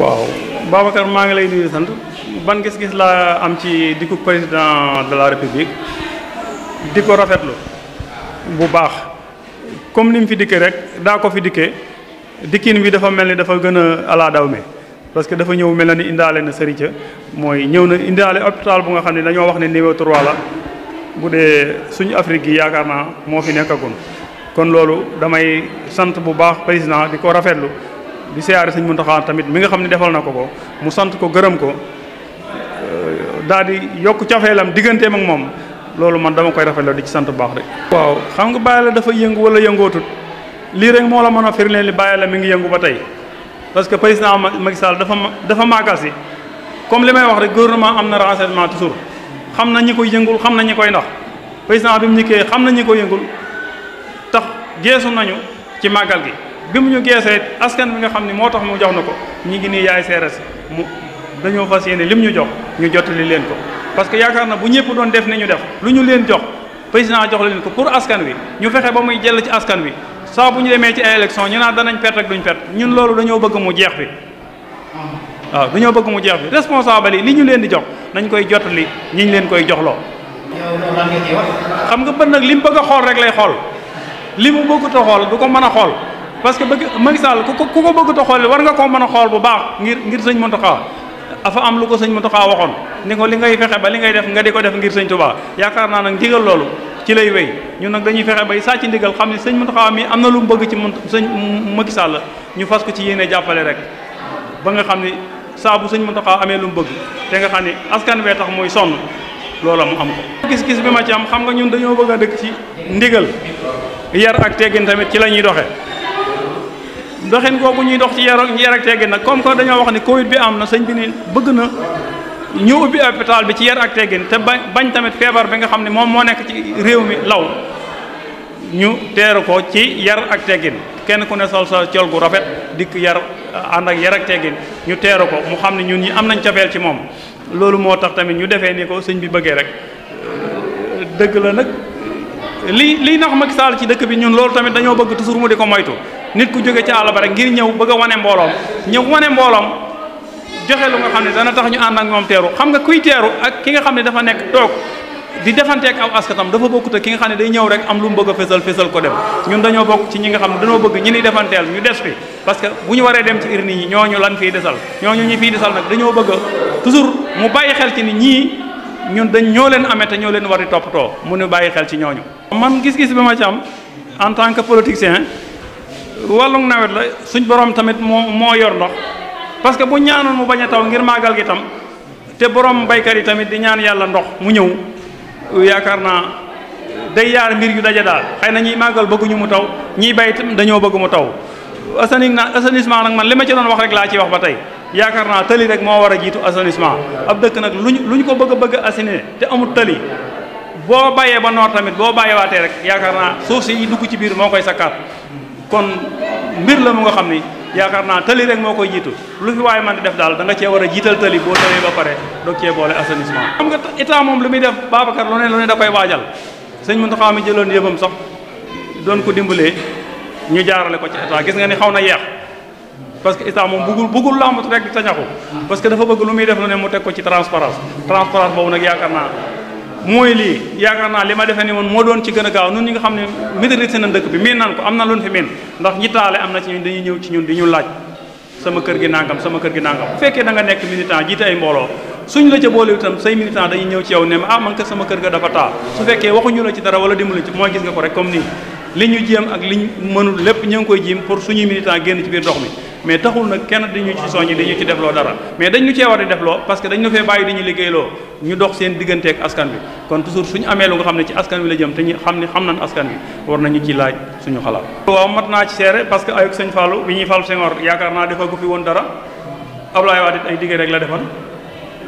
waaw Babacar maa ngi lay nuyu sant ban gis-gis laa am ci dikku président de la république di ko rafetlu bu baax comme ni mu fi dikkee rek daa ko fi dikkee dikkin bi dafa mel ni dafa gën a ala daw parce que dafa ñëw mel na ni indaale na sërica mooy ñëw na indaale hôpital bu nga xam ne dañoo wax ne niveau 3 la bu dee suñu Afrique yi yaakaar naa moo fi nekkagum kon loolu damay sant bu baax président di ko rafetlu. di siyaare sëñ Muntaxa tamit mi nga xam ne defal na ko ko mu sant ko gërëm ko euh, daal di yokk cofeelam digganteem ak moom loolu man dama koy rafetlu di ci sant bu baax rek. waaw xam nga bàyyi la dafa yëngu wala yëngootut lii rek moo la mën a firndeel li bàyyi la mi ngi yëngu ba tey parce que président Macky Sall dafa dafa màggal si comme li may wax rek gouvernement am na renseignement toujours xam na ñi koy yëngul xam na ñi koy ndax président bi mu ñikkee xam na ñi koy yëngul tax geesu nañu ci màggal gi. bi mu ñu geesee askan bi nga xam ne moo tax mu jox na ko ñi ngi nii yaay seera si mu dañoo fas yéene lim ñu jox ñu jottali leen ko parce que yaakaar na bu ñëpp doon def ni ñu def lu ñu leen jox président jox leen ko pour askan wi ñu fexe ba muy jël ci askan wi saa bu ñu demee ci ay élection ñu naan danañ perte ak duñ perte ñun loolu dañoo bëgg mu jeex fi waaw dañoo bëgg mu jeex fi responsable yi li ñu leen di jox nañ koy jottali ñi ñu leen koy joxloo. xam nga bët nag li bëgg a xool rek lay xool li mu bëggut a ko mën a xool. parce que bëgg Macky ku ko ku ko bëgg a xool war nga koo mën a xool bu baax ngir ngir sëñ a afa am lu ko sëñ Mountakha waxoon ni ko li ngay fexe ba li ngay def nga di ko def ngir sëñ Touba yaakaar naa nag ndigal loolu ci lay wéy ñun nag dañuy fexe bay sàcc ndigal xam ne sëñ Mountakha mi am na lu mu bëgg ci sëñ Macky Sall ñu fas ko ci yéene jàppale rek ba nga xam ni saa bu sëñ Mountakha amee lu mu bëgg te nga xam ni askan wee tax muy sonn loola mu am ko gis-gis bi ma ci am xam nga ñun dañoo bëgg a dëkk ci ndigal yar ak teggin tamit ci la ñuy doxee doxin kooku ñuy dox ci yar yar ak teggin nag comme que dañoo wax ne Covid bi am na sëñ bi ne bëgg na ñu ubbi hôpital bi ci yar ak teggin te bañ tamit feebar bi nga xam ne moom moo nekk ci réew mi law ñu teeru ko ci yar ak teggin kenn ku ne sol sa col gu rafet dikk yar ànd ak yar ak teggin ñu teeru ko mu xam ne ñun ñi am nañ cofeel ci moom loolu moo tax tamit ñu defee ni ko sëñ bi bëggee rek dëgg la nag li liy nax Macky saal ci dëkk bi ñun loolu tamit dañoo bëgg toujours mu di ko moytu nit ku joge ci àll ba rek ngir ñew bëgg wone mbolom ñew wone mbolom joxe lu nga xamne dana tax ñu and ak moom téru xam nga kuy téru ak ki nga xamne dafa nek tok di defante ak aw askatam dafa bokku te ki nga xamne day ñew rek am lu mu bëgg fessel fessel ko dem ñun dañu bok ci ñi nga xamne dañu bëgg ñi ni defantel ñu dess fi parce que buñu waré dem ci irni ñi ñoñu lan fi dessal ñoñu ñi fi dessal nak dañu bëgg toujours mu bayyi xel ci ni ñi ñun dañ ñoo leen amé té ñoo leen war di toppatoo mu ñu bayyi xel ci ñoñu man gis-gis bima ci am en tant que politicien walong nawet la suñ borom tamit mo yor ndox parce que bu ñaanoon mu baña taw ngir magal gi tam te borom baykat yi tamit di ñaan yalla ndox mu ñew yaakarna day yar mbir yu daje dal xayna ñi magal bëggu ñu mu taw ñi bay tam dañoo bëgg mu taw. asanisma nak man lima ci doon wax rek la ci wax batay yaakarna tali rek mo wara jitu asanisma ab dekk nak luñ luñ ko bëgg bëgg té te tali tali. boo ba noor tamit boo waté rek yaakarna naa suuf si dugg ci bir mo koy sakkat kon mbir la mu nga xam ni yaakaar naa tali rek moo koy jiitu lu fi waaye man di def daal da nga cee war a jiital tali boo tëlee ba pare doog cee boole assainissement. xam nga état moom lu muy def Babacar lu ne lu ne da koy waajal sëñ Mountakha mi jëloon yëbam sax doon ko dimbalee ñu jaarale ko ci état gis nga ni xaw na yeex parce que état moom bëggul bëggul làmbatu rek di tañaxu parce que dafa bëgg lu muy def lu ne mu teg ko ci transparence transparence boobu mooy lii yaakaar naa li ma defee ni woon moo doon ci gën a gaaw nun ñi nga xam ne maîtrise nañ dëkk bi miin ko am na lu ñu fi miin ndax ñi taale am na ci ñun dañuy ñëw ci ñun di ñu laaj sama kër gi nangam sama kër gi nangam bu fekkee da nga nekk militant jiite ay mbooloo suñ la ca boole itam say militant dañuy ñëw ci yow ne ma ah man kat sama kër ga dafa taa su fekkee waxuñu la ci dara wala dimbali ci mooy gis nga ko rek comme nii li ngi koy jéem pour suñuy militant génn ci biir ndox kenn dañu ci soññi dañu ci defloo dara mais dañu cee war di defloo parce ñu dox seen diggante ak askan bi kon toujours suñu amee lu nga xam ne ci askan wi la jëm te ñu xam ne xam nañ askan bi war nañu ci laaj suñu xalaat. waaw mat naa ci seere parce que ayok sëñ Fallou bi ñuy Fallou Senghor yaakaar naa dafa gu fi woon dara Ablaye Wade ay digge rek la defal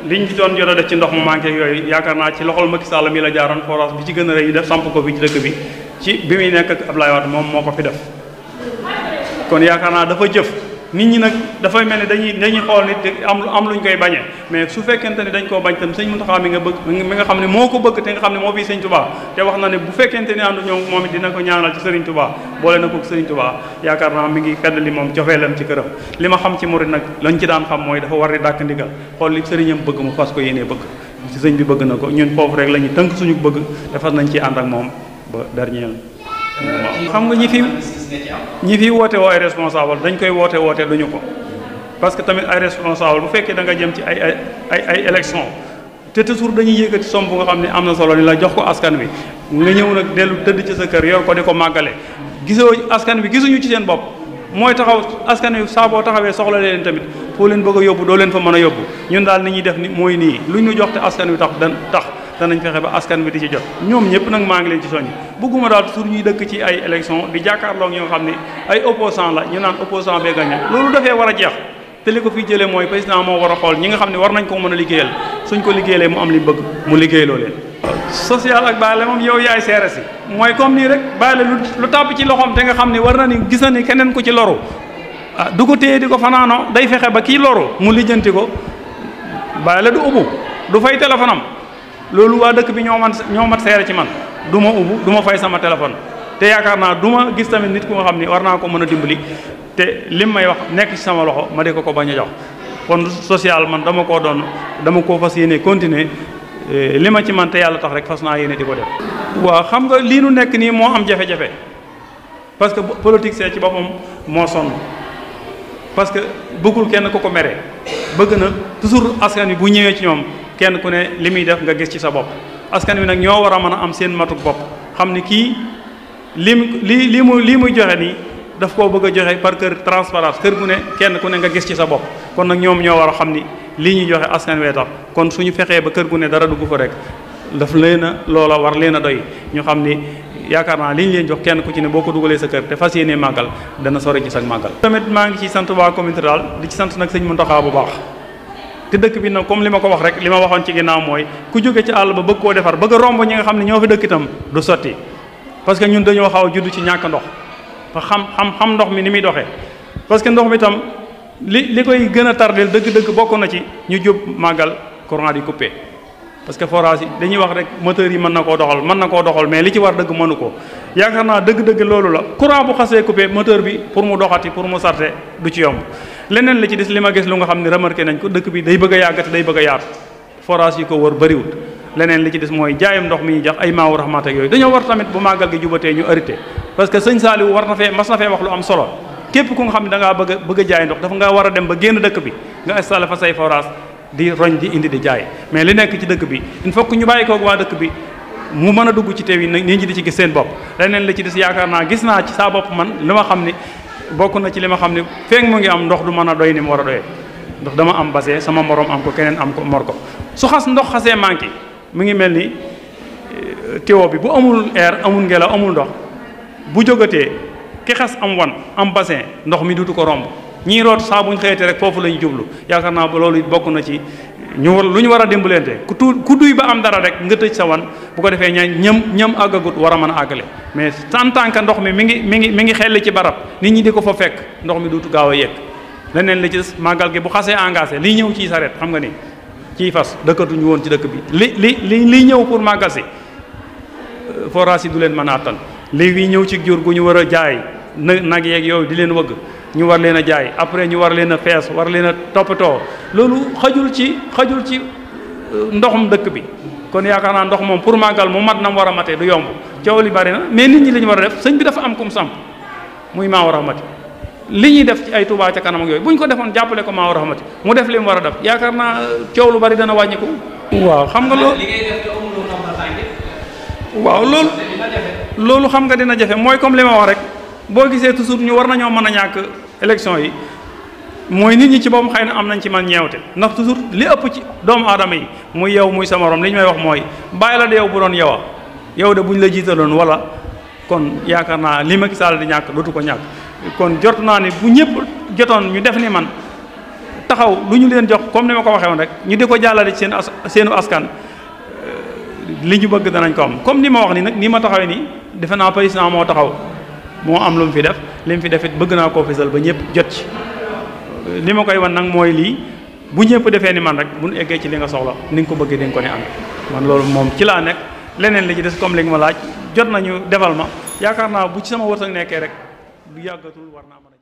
liñ ci doon jot def ci ndox mu manqué yooyu yaakaar naa ci loxol Macky Sall mi la jaaroon forage bi ci gën a rëy def samp ko fi ci dëkk bi ci bi muy nekk ak moom moo ko fi def kon yaakaar naa dafa jëf. nit ñi nag dafay mel ni dañuy dañuy xool nit am am luñ koy bañee mais su fekkente ni dañ koo bañ tam sëñ Muntaxa mi nga bëgg mi nga xam ne moo ko bëgg te nga xam ne moo fi sëñ Tuubaa te wax na ne bu fekkente ni àndu ñoom moom it dina ko ñaanal ci sëriñ Tuubaa boole na ko sëriñ Tuubaa yaakaar naa mi ngi feddali moom cofeelam ci këram li ma xam ci murid nag lañ ci daan xam mooy dafa war di dàkk ndigal xool li sëriñam bëgg mu fas ko yéenee bëgg ci bi bëgg na ko ñun foofu rek la ñuy tënk suñu bëgg te fas ci ànd ak moom ba dernier xam nga ñi fi ñi fi woote woo ay responsable dañ koy woote woote lu ñu ko parce que tamit ay responsable bu fekkee da nga jëm ci ay ay ay ay élection te toujours dañuy yëkkati somb nga xam ne am na solo ni la jox ko askan wi nga ñëw nag dellu tëdd ci sa kër yor ko di ko màggale gisoo askan wi gisuñu ci seen bopp mooy taxaw askan wi saa boo taxawee soxla leen tamit foo leen bëgg a yóbbu doo leen fa mën a yóbbu ñun daal ni ñuy def ni mooy nii lu ñu jox te askan wi tax dan tax danañ fexe ba askan bi di ci jot ñoom ñëpp nag maa ngi leen ci soññ bëgguma daal toujours ñuy dëkk ci ay élection di jàkkaarloo ñoo xam ne ay opposant la ñu naan opposant bee gagné loolu dafee war a jeex te li ko fi jëlee mooy président moo war a xool ñi nga xam ne war nañ ko mën a liggéeyal suñ ko liggéeyalee mu am li bëgg mu liggéey leen social ak baale moom yow yaay seere si mooy comme nii rek baale lu tàpp ci loxoom te nga xam ne war na ni na ni keneen ku ci loru ah du ko téye di ko fanaanoo day fexe ba kii mu lijjanti ko baale du ubbu du fay téléphone loolu waa dëkk bi ñoo man ñoo mat seere ci man du ma ubbu du ma fay sama téléphone te yaakaar naa du ma gis tamit nit ku nga xam ni war naa ko mën a dimbali te lim may wax nekk ci sama loxo ma di ko ko ba a jox kon social man dama koo doon dama koo fas yéene continuer eh, li ma ci man te yàlla tax rek fas naa yéene di ko def. waaw xam nga lii nu nekk nii moo am jafe-jafe parce que politique see ci boppam moo sonn parce que bëggul kenn ku ko mere bëgg na toujours askan wi ñëwee ci ñoom. kenn ku ne li muy def nga gis ci sa bopp askan wi nag ñoo war a mën a am seen matuk bopp xam ne kii lim li lii mu lii muy joxe nii daf koo bëgg a joxe par kër transparence kër gu ne kenn ku ne nga gis ci sa bopp kon nag ñoom ñoo war a xam ni lii ñuy joxe askan wee tax kon suñu fexee ba kër gu ne dara dugg fa rek daf leen a loola war leen a doy ñu xam ni yaakaar naa li ñu leen jox kenn ku ci ne boo ko dugalee sa kër te fas yéenee màggal dana sori ci tamit maa ngi ci sant waa commune Tadal sant nag sëñ Mountakha bu baax. te dëkk bi nag comme li ma ko wax rek li ma waxoon ci ginnaaw mooy ku jóge ci àll ba bëgg koo defar bëgg a romb ñi nga xam ne ñoo fi dëkk itam du sotti parce que ñun dañoo xaw a judd ci ñàkk ndox ba xam xam xam ndox mi ni muy doxee parce que ndox mi itam li li koy gën a tardeel dëgg-dëgg bokk na ci ñu jub màggal courant di coupé parce que forage yi dañuy wax rek moteur yi mën na koo doxal mën na koo doxal mais li ci war dëgg mënu ko yaakaar naa dëgg-dëgg loolu la courant bu xasee coupé moteur bi pour mu doxati pour mu sarte du ci yomb leneen la ci des li ma gis lu nga xam ne remarqué nañ ko dëkk bi day bëgg a yàggat day bëgg a yaatu forage yi ko wër bëriwut leneen li ci des mooy jaayam ndox mi ñuy jox ay maawu rahmat yooyu dañoo war tamit bu màggal gi jubatee ñu arrêté parce que sëñ Saliou war na fee mas na fee wax lu am solo képp ku nga xam ne da ngaa bëgg a bëgg a jaay ndox dafa nga war a dem ba génn dëkk bi nga installé fa say forage di roñ di indi di jaay mais li nekk ci dëkk bi il ñu bàyyi koog waa dëkk bi mu mën a dugg ci teew yi nit ñi di ci gis seen bopp leneen la ci des yaakaar naa gis naa ci saa bokk na ci li ma xam ne feek mu ngi am ndox du mën a doy ni mu war a doyee ndax dama am basee sama morom am ko keneen am ko mor ko su xas ndox xasee manqué mu ngi mel ni euh, tiwo bi bu amul air amul ngelaw amul ndox bu jógatee ki xas am wan am bassin ndox mi dutu ko romb ñi sabun sa buñ xëyate rek fofu lañu jublu yaakaar ba lolou bokku na ci ñu luñu wara dembulenté ku ba am dara rek nga tej sa wan bu ko defé ñam ñam ñam agagut wara man agalé mais àggale mais ka ndox mi mi ngi mi ngi mi ngi ci barab nit ñi diko fa fekk ndox mi duutu gaaw yek yegg leneen li ci magal gi bu xasse engagé li ñëw saret xam nga ni ci fas ñu won ci dekk bi li li li li pour màggal du len li wi ñew ci jur gu ñu wara jaay nag yoy di len wëgg ñu war leen a jaay après ñu war leen a fees war leen a toppatoo loolu xajul ci xajul ci euh, ndoxum dëkk bi kon yaakaar naa ndox moom pour màggal mu mat na mu war a matee du yomb coow li bari na mais nit ñi li war a def sëñ bi dafa am kum samp muy maa war a mati li ñuy def ci ay Tuubaa ca kanam yooyu bu ñu ko defoon jàppale ko maa war a mati mu def li war a def yaakaar naa euh, coow lu bari dana wàññiku waaw xam nga loolu loolu loolu xam nga dina jafe mooy comme li ma wax rek boo gisee toujours ñu war nañoo mën a ñàkk élection yi mooy nit ñi ci boppam xay na am nañ ci man ñeewte ndax toujours li ëpp ci doomu aadama yi muy yow muy sa morom li ñu may wax mooy bàyyi la yow bu doon yow yow de bu la jiitaloon wala kon yaakaar naa li Macky Sall di ñàkk lootu ko ñàkk kon jot naa ne bu ñëpp jotoon ñu def ni man taxaw lu ñu leen jox comme ni ma ko waxee woon rek ñu di ko jàllale ci seen as seenu askan euh, li ñu bëgg danañ ko am comme ni ma wax ni nag ni ma taxawee nii defe naa président moo taxaw moo am lu mu fi def li mu fi def it bëgg naa koo fisal ba ñëpp jot ci li ma koy wan nag mooy lii bu ñëpp defee ni man rek bu ñu eggee ci li nga soxla ni nga ko bëggee di ko ne am man loolu moom ci laa nekk leneen li ci des comme li nga ma laaj jot nañu defal ma yaakaar naa bu ci sama wërsëg nekkee rek du yàggatul war naa mën